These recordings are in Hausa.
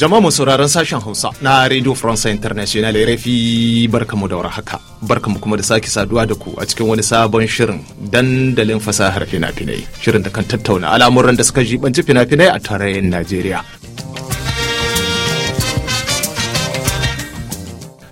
Jama'a mu sauraron sashen Hausa na Radio France International RFI barkamu da warhaka. Barkamu kuma da sake saduwa da ku a cikin wani sabon shirin dandalin fasahar fina-finai. Shirin da kan tattauna al'amuran da suka jibanci fina-finai a tarayyar Najeriya.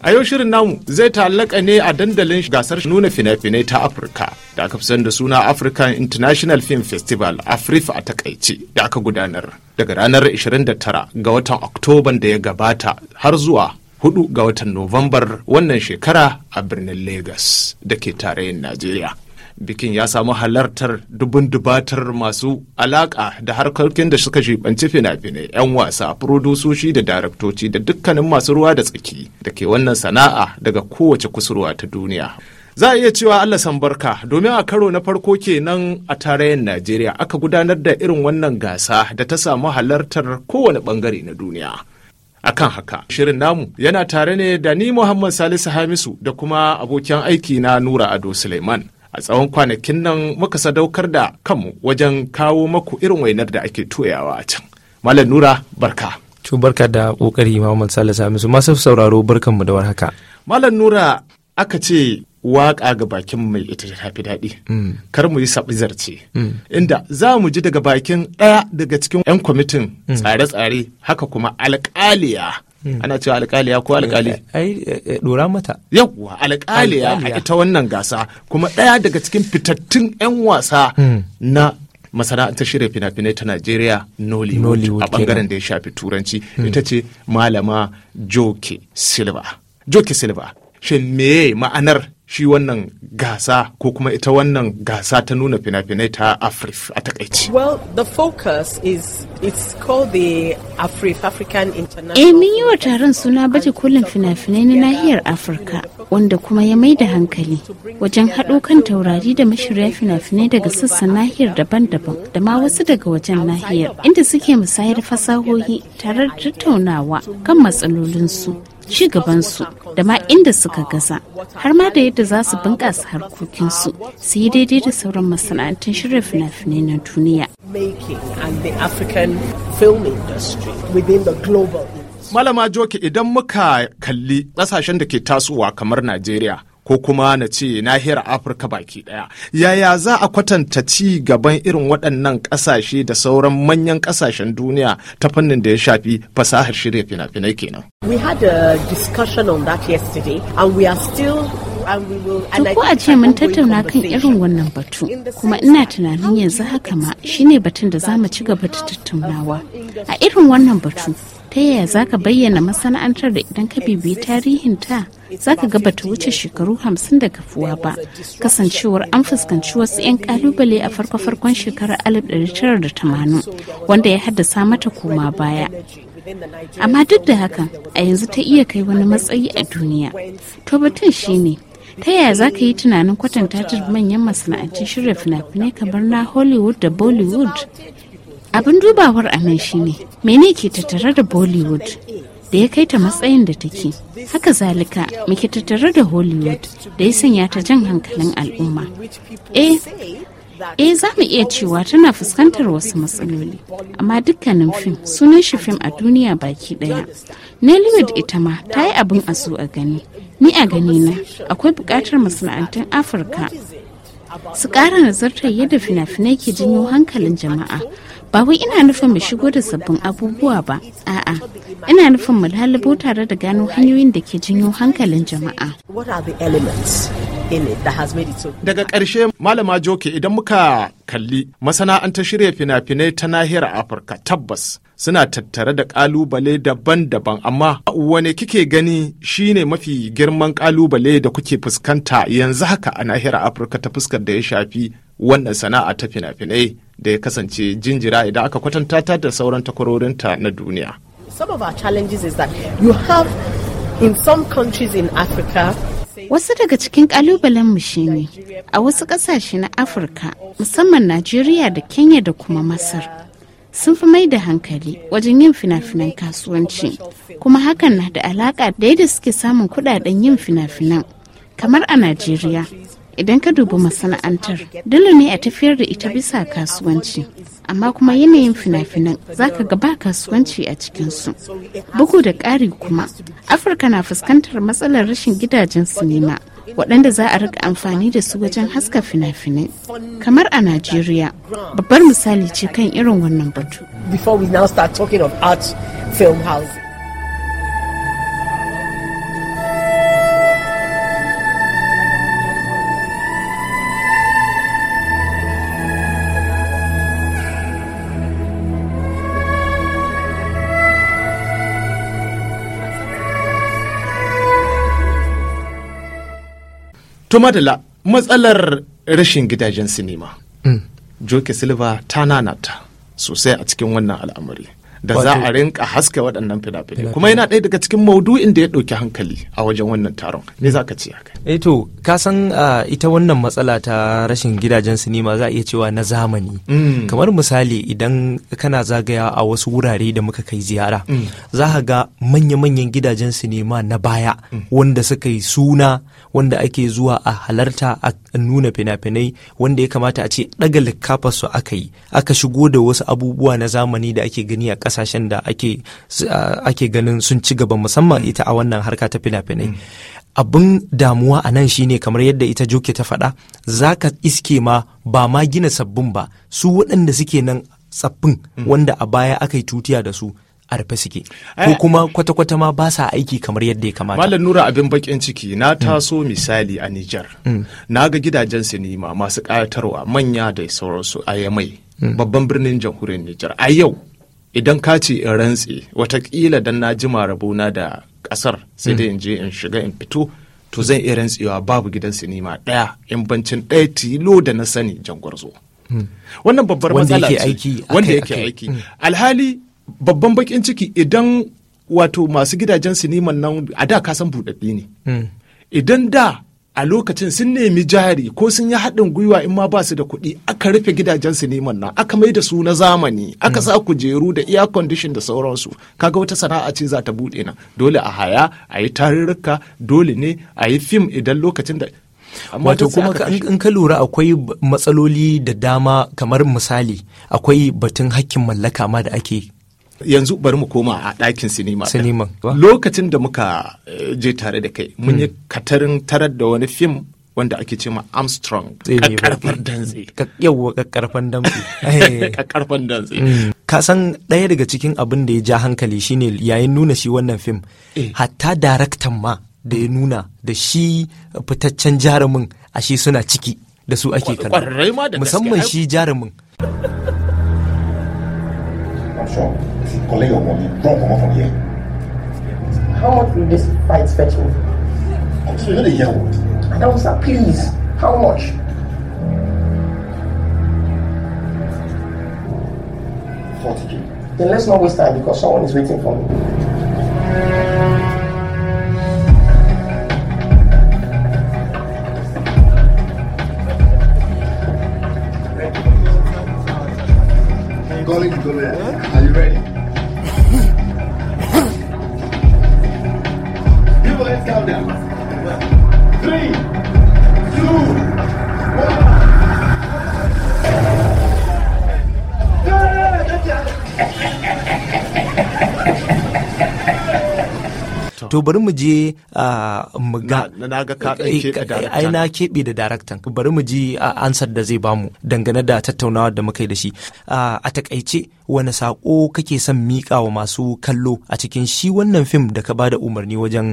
A yau shirin namu zai ta'allaka ne a dandalin gasar nuna fina-finai ta Afirka da aka fi da suna African International Film Festival afrif a takaice da aka gudanar daga ranar 29 ga watan Oktoban da ya gabata har zuwa 4 ga watan Nuwambar wannan shekara a birnin Lagos da ke tarayyar Najeriya. bikin ya samu halartar dubun dubatar masu alaƙa da harkokin da suka jibanci fina-finai 'yan wasa furodusoshi da daraktoci da dukkanin masu ruwa da tsaki da ke wannan sana'a daga kowace kusurwa ta duniya za a iya cewa allah sambarka domin a karo na farko kenan a tarayyar najeriya aka gudanar da irin wannan gasa da ta samu halartar kowane bangare na duniya akan haka shirin namu yana tare ne da ni muhammad salisu hamisu da kuma abokin aiki na nura ado suleiman a tsawon kwanakin nan muka sadaukar da kanmu wajen kawo maku irin wainar da ake toyawa a can malam nura barka Tu barka da kokari Muhammad Sale Samisu masu sauraro barkanmu da warhaka malam nura aka ce waƙa ga bakin mai ita ta tafi daɗi mm. kar mu yi saɓi zarce mm. inda za mu ji daga bakin ɗaya daga cikin 'yan kwamitin mm. tsare-tsare haka kuma alƙaliya Hmm. ana cewa alƙaliya ko alƙali ai dora eh, eh, mata yawwa alƙaliya a ita wannan gasa kuma ɗaya daga cikin fitattun 'yan wasa hmm. na masana'antar shirya fina-finai ta Najeriya Nollywood a bangaren da ya shafi turanci hmm. ita ce malama Joke Silva. Joke Silva, shin meye ma'anar shi wannan gasa ko kuma ita wannan gasa ta nuna fina-finai ta afrif a takaici well the focus is it's called the afrif african international eh mun yi wa taron suna baje kolin fina-finai na nahiyar afirka wanda kuma ya mai da hankali wajen haɗo kan taurari da mashirya fina-finai daga sassan nahiyar daban-daban da ma wasu daga wajen nahiyar inda suke musayar fasahohi tare da tattaunawa kan matsalolinsu ci su da ma inda suka gaza har ma da yadda za su bunƙasa harkokinsu su yi daidai da sauran masana'antun shirya fina-finai na duniya. Malama Joki idan muka kalli ƙasashen da ke tasowa kamar Najeriya ko kuma na ce nahiyar afirka baki daya yaya za a kwatanta ci gaban irin waɗannan ƙasashe da sauran manyan ƙasashen duniya ta fannin da ya shafi fasahar shirya fina-finai kenan we had a ko a ce mun tattauna kan irin wannan batu, kuma ina tunanin yanzu haka ma shine batun da za mu ci gaba da tattaunawa. A irin wannan batu, ta yaya za ka bayyana masana'antar da idan ka bibiyi tarihinta za ka ga bata wuce shekaru hamsin da kafuwa ba kasancewar an fuskanci wasu 'yan kalubale a farko-farkon shekarar 1980 wanda ya haddasa mata koma baya amma duk da hakan a yanzu ta iya kai wani matsayi a duniya to batun shine ta yaya za ka yi tunanin kwatanta ta manyan masana'antun shirya fina-finai kamar na hollywood da bollywood abin dubawar a nan shine mene ke tattare da bollywood da ya kai ta matsayin da take haka zalika muke tattare da hollywood da ya sanya ta jan hankalin al'umma eh, eh za mu iya cewa tana fuskantar wasu matsaloli amma dukkanin fim sunan shi fim a duniya baki daya nollywood ita ma ta yi abin a a gani ni a gani na akwai bukatar masana'antun afirka su ƙara nazartar yadda fina-finai ke janyo hankalin jama'a ba wai ina nufin mu shigo da sabbin abubuwa ba a'a ina nufin mu lalubo tare da gano hanyoyin da ke janyo hankalin jama'a daga ƙarshe malama joke idan muka kalli masana'antar shirya fina-finai ta nahiyar afirka tabbas suna tattare da kalubale daban-daban amma wane kike gani shine mafi girman kalubale da kuke fuskanta yanzu haka a nahiyar afirka ta fuskar da ya shafi wannan sana'a ta fina-finai da ya kasance jinjira idan aka kwatanta ta da sauran takwarorinta na duniya Wasu daga cikin kalubalen mu ne a wasu kasashe na Afirka musamman Najeriya da Kenya da kuma Masar. sun fi mai da hankali wajen yin fina-finan kasuwanci kuma hakan na da alaka da yadda suke samun kudaden yin fina-finan kamar a najeriya idan ka dubi masana'antar dole ne a tafiyar da ita bisa kasuwanci amma kuma yanayin fina-finan zaka ga ba kasuwanci a cikinsu bugu da ƙari kuma afirka na fuskantar matsalar rashin gidajen sinima waɗanda za a rika amfani da su wajen haska fina-finai kamar a najeriya babbar misali ce kan irin wannan batu. before we now start talking of film house. to madala matsalar rashin gidajen sinima mm. joke silva ta nanata sosai a cikin wannan al'amari da za a rinka haske waɗannan fina-finai kuma yana ɗaya daga cikin maudu'in da ya ɗauki hankali a wajen wannan taron ne za ka ce haka eh to ka san ita wannan matsala ta rashin gidajen sinima za a iya cewa na zamani mm. kamar misali idan kana zagaya a wasu wurare da muka kai ziyara mm. za ka ga manya-manyan gidajen sinima na baya mm. wanda suka yi suna wanda ake zuwa a halarta a nuna fina-finai wanda ya kamata a ce ɗaga likafarsu aka yi aka shigo da wasu abubuwa na zamani da ake gani a kasashen da ake ake ganin sun ci gaba musamman ita a wannan harka ta fina-finai abin damuwa a nan shine kamar yadda ita joke ta faɗa za ka iske ma ba ma gina sabbin ba su waɗanda suke nan tsaffin hmm. wanda a baya aka yi tutiya da su a rufe suke eh. ko kuma kwata-kwata ma ba sa aiki kamar yadda ya kamata malam nura abin bakin ciki na hmm. taso misali a Nijar hmm. na ga gidajen sinima masu ƙayatarwa manya da sauransu a yamai babban birnin jamhuriyar Nijar a yau idan ka ce in rantse watakila dan na jima rabona da kasar sai dai in je in shiga in fito to zan iya rantsewa babu gidan sinima daya in bancin daya tilo da na sani jangwarzo hmm. wannan babbar matsala ce wanda yake aiki hmm. alhali babban bakin ciki idan wato masu gidajen sinima nan a da ka san budaddi ne hmm. idan da a lokacin sun nemi jari ko sun yi haɗin gwiwa in ma ba su da kuɗi aka rufe gidajen neman nan aka mai da su na zamani aka sa kujeru da air condition da sauransu kaga wata sana'a ce za ta buɗe na. dole a haya a yi tarurruka dole ne a yi fim idan lokacin da wato kuma in ka lura akwai matsaloli da dama kamar misali akwai batun hakkin mallaka ma da ake yanzu bari mu koma a ɗakin sinima lokacin da muka eh, je tare da kai mun yi hmm. katarin tarar da wani fim wanda ake ce ma Armstrong kakkarfar dantse. Yawwa kakkarfan danzi dantse. Eh. Hmm. Ka san ɗaya daga cikin abin da ya ja hankali shine yayin nuna shi wannan fim. Eh. Hatta daraktan ma da ya nuna da shi fitaccen jarumin a shi suna ciki da su ake kalla. Musamman shi jarumin. colleague of mommy, run come from here. How much will this fight fetch me? So you know the year old. Adam, sir, please. How much? Forty Then let's not waste time because someone is waiting for me. calling to go Are you ready? to bari mu je mu ga eh, eh, ai na keɓe da daraktan bari mu ji ansar da zai bamu dangane da tattaunawa da muka yi da shi a takaice wani sako kake son miƙa wa masu kallo a cikin shi wannan fim da ka bada umarni wajen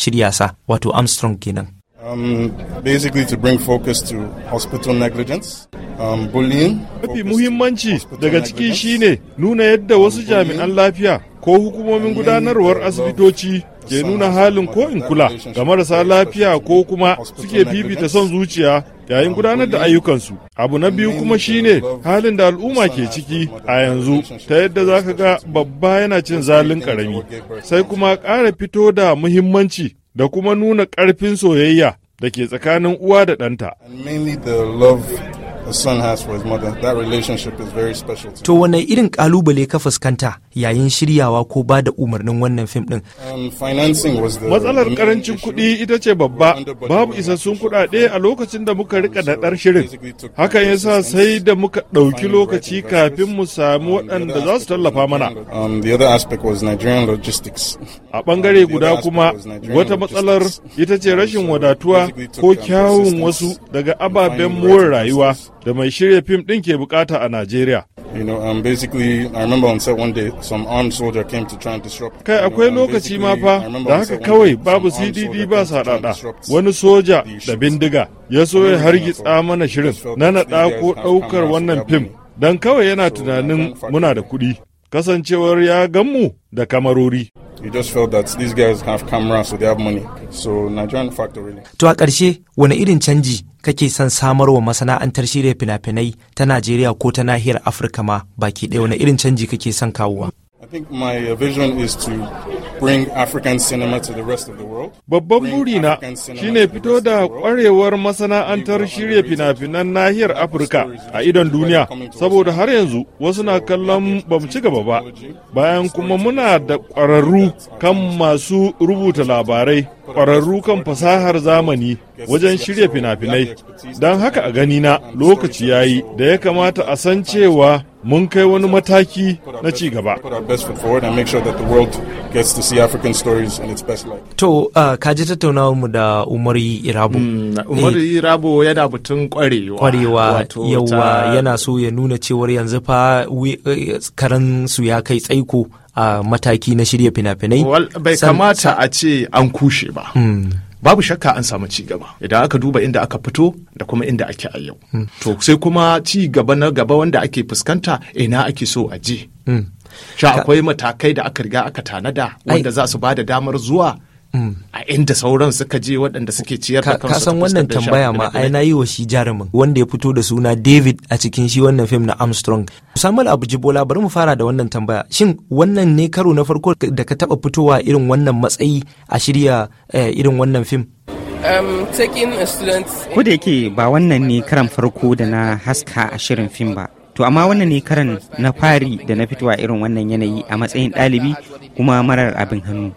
shirya sa wato Armstrong kenan Um, basically to bring focus to hospital negligence, um, bullying. Mafi muhimmanci daga ciki shine nuna yadda wasu um, jami'an lafiya ko hukumomin gudanarwar asibitoci ke nuna halin ko in kula ga marasa lafiya ko kuma suke bibita son zuciya yayin gudanar da ayyukansu abu na biyu kuma shine halin da al'umma ke ciki a yanzu ta yadda za ka ga babba yana cin zalin karami sai kuma ƙara fito da muhimmanci da kuma nuna ƙarfin soyayya da ke tsakanin uwa da ɗanta. To wane irin ƙalubale ka fuskanta yayin shiryawa ko ba da umarnin wannan fim din. Matsalar karancin kuɗi ita ce babba, babu isassun kuɗaɗe a lokacin da muka rika daɗar shirin. Hakan ya sa sai da muka ɗauki lokaci kafin mu sami waɗanda za su tallafa mana. Um, a ɓangare guda kuma wata matsalar ita ce rashin wadatuwa ko kyawun wasu daga ababen more rayuwa da mai shirya fim ɗin ke bukata a Najeriya. You um, Kai akwai lokaci ma fa da haka kawai babu CDD ba sadada wani soja da bindiga ya so ya hargitsa mana shirin na naɗa ko ɗaukar wannan fim don kawai yana tunanin muna da kuɗi kasancewar ya gan da kamarori. you just felt that these guys have cameras so they have money so Nigerian factor really to a ƙarshe wani irin canji kake son samarwa masana'antar shirya fina-finai ta Najeriya ko ta nahiyar Afirka ma baki ɗaya wani irin canji kake son kawowa Uh, Babban burina ne fito da ƙwarewar masana'antar shirya fina-finan nahiyar Afirka a idon duniya, saboda har yanzu wasu na kallon ba ci gaba ba, bayan kuma muna da ƙwararru kan masu rubuta labarai, ƙwararru kan fasahar zamani wajen shirya fina-finai. Don haka a ganina lokaci ya yi da ya kamata a san cewa mun kai wani mataki na ci gaba. To, uh, kaji tattaunawa mu da Umaru Irabu. Mm, Umaru eh, Irabu yana mutum kwarewa. Kwarewa yana so ya nuna cewar yanzu fa eh, karan ya kai tsaiko a mataki na shirya fina-finai. Bai kamata a ce an kushe ba. Hmm. babu shakka an samu ci gaba idan aka duba inda aka fito da kuma inda ake a yau hmm. to sai kuma ci gaba na gaba wanda ake fuskanta ina ake so a je hmm. sha akwai matakai da aka riga aka tanada wanda za su ba da damar zuwa a inda sauran suka je waɗanda suke ciyar da kansu ka san wannan tambaya ma ai na yi wa shi jarumin wanda ya fito da suna David a cikin shi wannan fim na Armstrong Samuel Abujibola bari mu fara da wannan tambaya shin wannan ne karo na farko da ka taba fitowa irin wannan matsayi a shirya eh, irin wannan fim um, ko da yake ba wannan ne karan farko da na haska a shirin fim ba to amma wannan ne karan na fari da na fitowa irin wannan yanayi a matsayin ɗalibi kuma marar abin hannu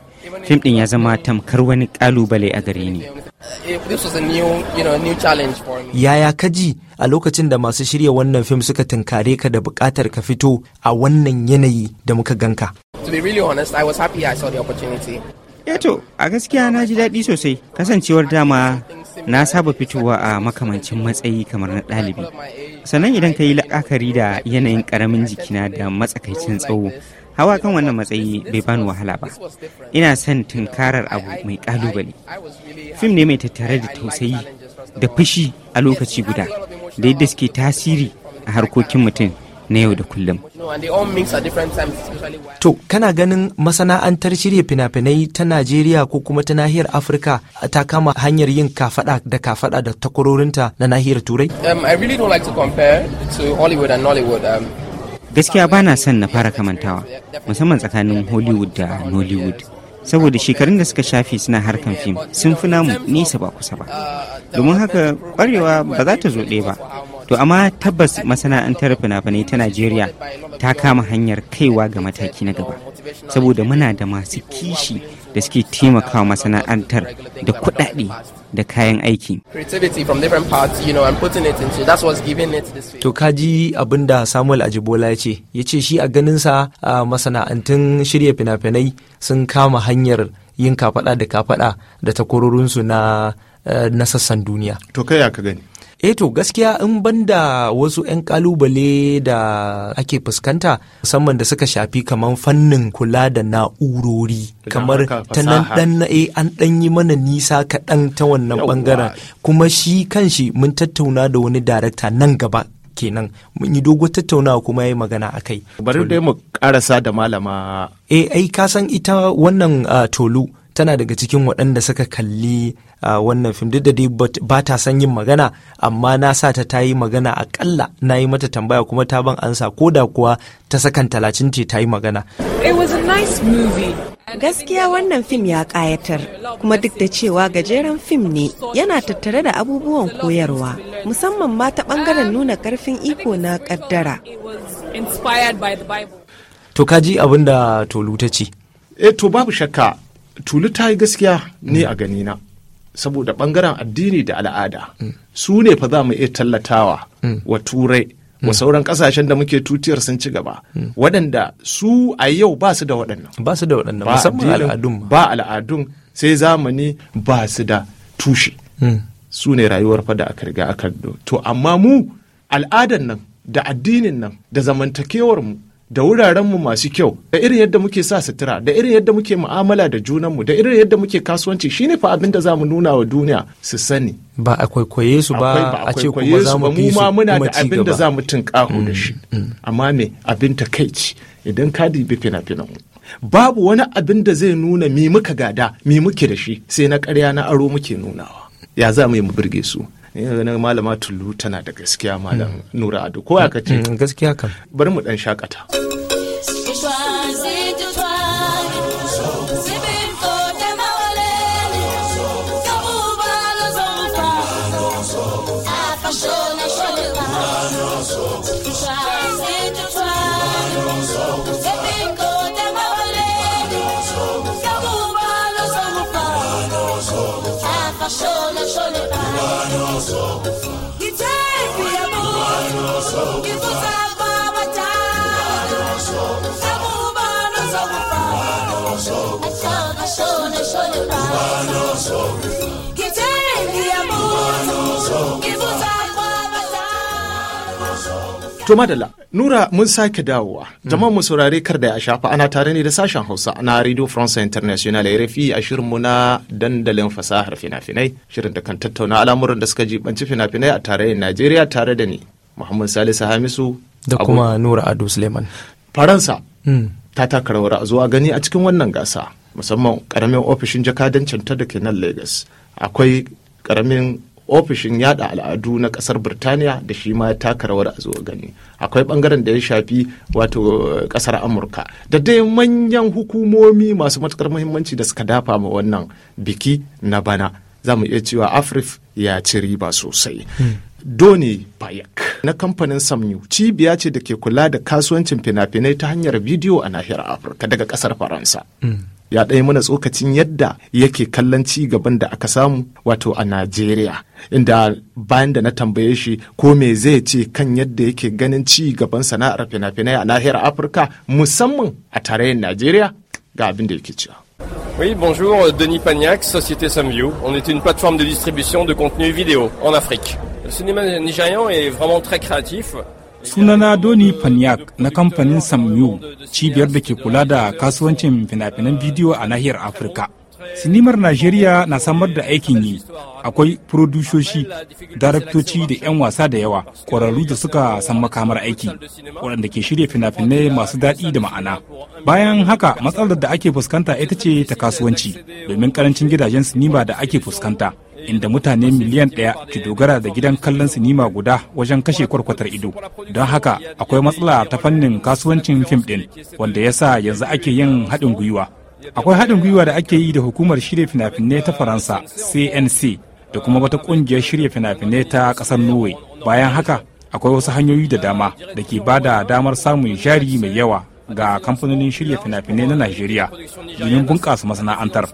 fim ɗin ya zama tamkar wani kalubale a gare ni yaya ka ji a lokacin da masu shirya wannan fim suka tunkare ka da bukatar ka fito a wannan yanayi da muka ganka eh to a gaskiya na ji daɗi sosai kasancewar dama na saba fitowa a makamancin matsayi kamar na ɗalibi sannan idan ka yi la'akari da yanayin ƙaramin jikina da matsakaicin tsawo hawa kan wannan matsayi bai bani wahala ba ina son tunkarar abu mai kalubale fim ne mai tattare da tausayi da fushi a lokaci guda da yadda suke tasiri a harkokin mutum na yau da kullum to kana ganin masana'antar shirya fina-finai ta najeriya ko kuma ta nahiyar afirka ta kama hanyar yin kafada da kafada da takwarorinta na nahiyar turai um, i really don't like to compare to hollywood and nollywood um, gaskiya ba na son na fara kamantawa musamman tsakanin hollywood da nollywood saboda shekarun da suka shafi suna harkan fim sun fi namu nesa ba kusa ba domin haka kwarewa ba za ta zo ɗaya ba to amma tabbas masana'antar fina-finai ta najeriya ta kama hanyar kaiwa ga mataki na gaba saboda muna da masu kishi da suke taimakawa masana'antar da kuɗaɗe da kayan aiki. To kaji abin da Samuel Ajibola ya ce, ya ce shi a ganinsa a masana'antun shirya fina-finai sun kama hanyar yin kafaɗa da kafaɗa da takwarorinsu na eh, sassan duniya. To kai ya ka gani? eh to gaskiya in banda wasu 'yan kalubale da ake fuskanta musamman da suka shafi kamar fannin kula da na'urori kamar ta nan dan eh, an ɗan yi mana nisa kaɗan ta wannan ɓangaren. kuma shi kanshi mun tattauna da wani darakta nan gaba kenan mun yi dogo tattaunawa kuma ya yi magana a kai. Bari dai mu karasa da malama. eh ai ka san ita wannan ah, tolu tana daga cikin waɗanda suka kalli ah, wannan fim duk da dai ba ta san yin magana amma na sa ta ta yi magana akalla na yi mata tambaya kuma ta ban ansa ko da kuwa ta sakan talacin ce ta yi magana. Gaskiya wannan fim ya ƙayatar, kuma duk da cewa gajeren fim ne yana tattare da abubuwan koyarwa, musamman ma ta ɓangaren nuna ƙarfin iko na ƙaddara. To kaji abin da Tolu ta ce. E to babu shakka Tuli ta yi gaskiya ne a ganina saboda bangaren addini da al'ada mm. su ne fa za mu iya tallatawa mm. wa turai wa mm. sauran kasashen da muke tutiyar sun ci gaba waɗanda su a yau ba su da waɗannan ba su da waɗannan musamman al'adun ba al'adun sai zamani ba su da tushe su ne rayuwar fa da aka riga aka to amma mu al'adan nan da addinin nan da zamantakewar mu da wurarenmu masu kyau da irin yadda muke sa sutura da irin yadda muke mu'amala da junanmu da irin yadda muke kasuwanci shine fa abin da zamu nuna wa duniya su sani ba a kwaikwaye su ba a ce kuma za mu fi su muna da abin da zamu tunƙaho da mm, shi mm. amma me abin takaici idan ka dibi fina-finan babu wani abin da zai nuna mi muka gada mi muke da shi sai na ƙarya na aro muke nunawa ya za mu yi mu burge su na malama tullu tana da gaskiya malam mm. nura ado ko ka ce mm, gaskiya kam bari mu dan shakata To madalla, Nura mun sake dawowa. Jama'a mu saurare kar da ya shafa ana tare ne da sashen Hausa na Radio France International ya rafi a shirinmu na dandalin fasahar fina-finai, shirin da kan tattauna al'amuran da suka jibanci fina-finai a tarayyar Najeriya tare da ni, Muhammad Salisu Hamisu. Da kuma Nura Ado Suleiman. Faransa mm. ta taka rawar a zuwa gani a cikin wannan gasa. musamman karamin ofishin jakadancin ta da ke nan Legas akwai karamin ofishin yada al'adu na kasar birtaniya da shi ma ya taka rawar a zuwa gani akwai bangaren da ya shafi wato kasar eh, amurka da dai manyan hukumomi masu matukar muhimmanci da suka dafa ma wannan biki na bana za mu iya cewa afrif ya ci riba sosai hmm. Doni bayak na kamfanin Samyu cibiya ce da ke kula da kasuwancin fina-finai ta hanyar bidiyo a nahiyar Afirka daga kasar Faransa. Hmm. ya ɗaya mana tsokacin yadda yake kallon ci gaban da aka samu wato a Najeriya. Inda bayan da na tambaye shi ko me zai ce kan yadda yake ganin ci gaban sana'ar fina-finai a nahiyar Afirka musamman a tarayyar Najeriya ga abin da yake cewa. Oui, bonjour, euh, Denis Pagnac, Société Samview. On est une plateforme de distribution de contenu vidéo en Afrique. Le cinéma nigérian est vraiment très créatif. sunana doni paniak na kamfanin samyu cibiyar da ke kula da kasuwancin fina-finan bidiyo a nahiyar afirka sinimar najeriya na samar da aikin yi akwai furodushoshi daraktoci da 'yan wasa da yawa kwararru da suka san makamar aiki waɗanda ke shirya fina-finai masu daɗi da ma'ana bayan haka matsalar da ake fuskanta ita ce ta kasuwanci domin karancin gidajen sinima da ake fuskanta inda mutane miliyan ɗaya ke dogara da gidan kallon sinima guda wajen kashe kwarkwatar ido don haka akwai matsala ta fannin kasuwancin fim ɗin wanda ya sa yanzu ake yin haɗin gwiwa akwai haɗin gwiwa da ake yi da hukumar shirya fina-finai ta faransa cnc da kuma wata ƙungiyar shirya fina-finai ta ƙasar norway bayan haka akwai wasu hanyoyi da dama da ke ba da damar samun jari mai yawa ga kamfanonin shirya fina-finai na Najeriya domin bunƙasa masana'antar.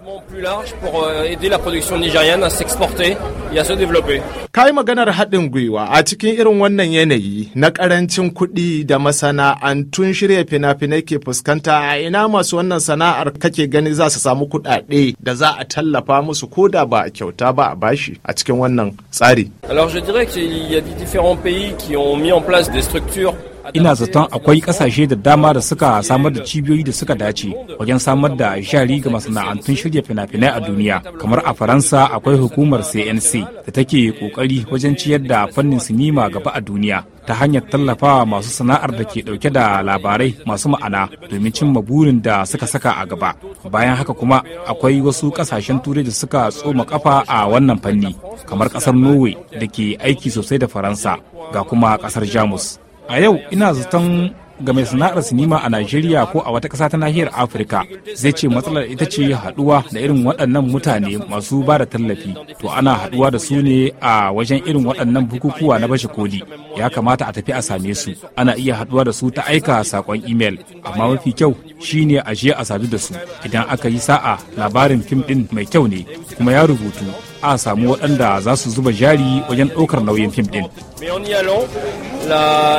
Kai maganar haɗin gwiwa a cikin irin wannan yanayi na ƙarancin kuɗi da masana'antun shirya fina-finai ke fuskanta a ina masu wannan sana'ar kake gani za su samu kuɗaɗe da za a tallafa musu ko da ba a kyauta ba a bashi a cikin wannan tsari. Alors je dirais qu'il y a différents pays qui ont mis en place des structures ina zaton akwai kasashe da dama da suka samar da cibiyoyi da suka dace wajen samar da jari ga masana'antun shirya fina-finai a duniya kamar a faransa akwai hukumar cnc da take kokari wajen ciyar da fannin sinima gaba a duniya ta hanyar tallafawa masu sana'ar da ke dauke da labarai masu ma'ana domin cimma burin da suka saka a gaba bayan haka kuma akwai wasu kasashen turai da suka tsoma kafa a wannan fanni kamar kasar norway da ke aiki sosai da faransa ga kuma kasar jamus a yau ina zaton ga mai sana'ar sinima a Najeriya ko a wata ƙasa ta nahiyar Afirka zai ce matsalar ita ce haɗuwa da irin waɗannan mutane masu ba da tallafi to ana haɗuwa da su ne a wajen irin waɗannan bukukuwa na bashe koli ya kamata a tafi a same su ana iya haɗuwa da su ta aika saƙon imel amma mafi kyau shine a je a sadu da su idan aka yi sa'a labarin fim ɗin mai kyau ne kuma ya rubutu a samu waɗanda za su zuba jari wajen ɗaukar nauyin fim ɗin.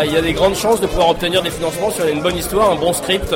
il y a des grandes chances de pouvoir obtenir des financements si on a une bonne histoire, un bon script.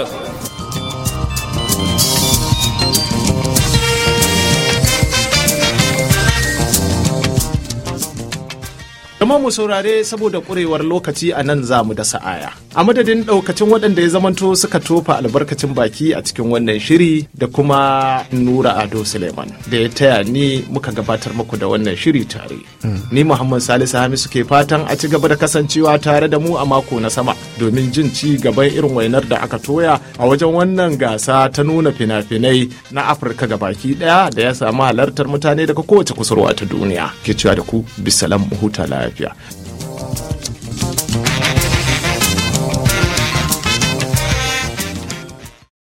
kuma mu saurare saboda kurewar lokaci a nan za mu da sa'aya. A madadin ɗaukacin waɗanda ya zamanto suka tofa albarkacin baki a cikin wannan shiri da kuma Nura Ado Suleiman da ya taya ni muka gabatar muku da wannan shiri tare. Hmm. Ni Muhammad Salisu Hamisu ke fatan a ci gaba da kasancewa tare da mu a mako na sama domin jin ci gaban irin wainar da aka toya a wajen wannan gasa ta nuna fina-finai na Afirka ga baki ɗaya da ya samu halartar mutane daga kowace kusurwa ta duniya. Ke cewa da ku bisalam huta lafiya. 对。